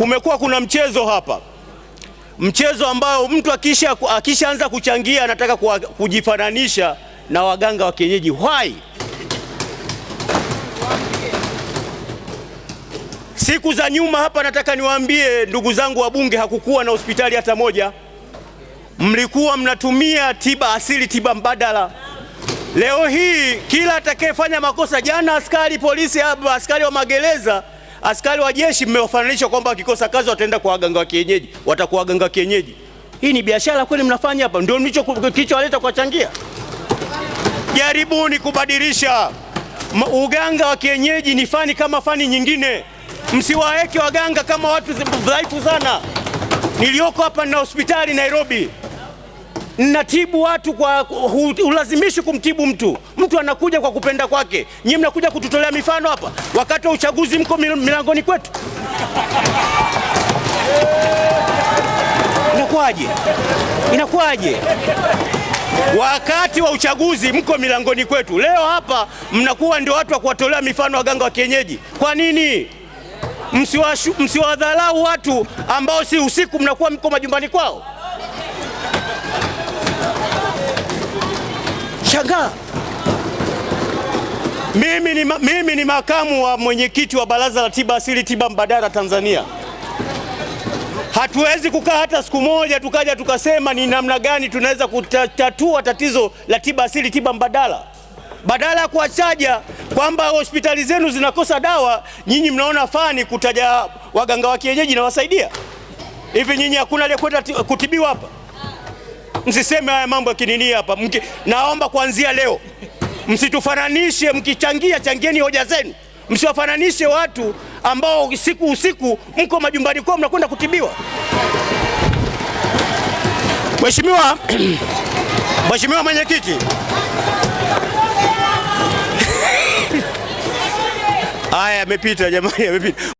kumekuwa kuna mchezo hapa, mchezo ambao mtu akisha akishaanza kuchangia anataka kujifananisha na waganga wa kienyeji. Why? Siku za nyuma hapa, nataka niwaambie ndugu zangu wabunge, hakukuwa na hospitali hata moja, mlikuwa mnatumia tiba asili, tiba mbadala. Leo hii kila atakayefanya makosa, jana askari polisi hapa, askari wa magereza Askari wa jeshi mmewafananisha kwamba wakikosa kazi wataenda kwa waganga wa kienyeji, watakuwa waganga wa kienyeji. Hii ni biashara kweli mnafanya hapa? Ndio mlicho kilichowaleta kuwachangia? Jaribuni kubadilisha. Uganga wa kienyeji ni fani kama fani nyingine, msiwaweke waganga kama watu dhaifu sana. Nilioko hapa na hospitali Nairobi. Mnatibu watu kwa ulazimishi kumtibu mtu, mtu anakuja kwa kupenda kwake. Nyinyi mnakuja kututolea mifano hapa, wakati wa uchaguzi mko milangoni kwetu, inakuwaje? Inakuwaje? wakati wa uchaguzi mko milangoni kwetu. Leo hapa mnakuwa ndio watu wa kuwatolea mifano waganga wa kienyeji. Kwa nini msiwadharau watu ambao si usiku mnakuwa mko majumbani kwao? Nashangaa mimi ni, mimi ni makamu wa mwenyekiti wa baraza la tiba asili tiba mbadala Tanzania. Hatuwezi kukaa hata siku moja tukaja tukasema ni namna gani tunaweza kutatua tatizo la tiba asili tiba mbadala. Badala ya kuwachaja kwamba hospitali zenu zinakosa dawa, nyinyi mnaona fani kutaja waganga wa kienyeji na wasaidia hivi. Nyinyi hakuna aliyekwenda kutibiwa hapa? msiseme haya mambo ya kinini hapa. Naomba kuanzia leo msitufananishe, mkichangia changieni hoja zenu, msiwafananishe watu ambao siku usiku mko majumbani kwao mnakwenda kutibiwa. Mheshimiwa Mheshimiwa mwenyekiti Haya, amepita jamani, amepita.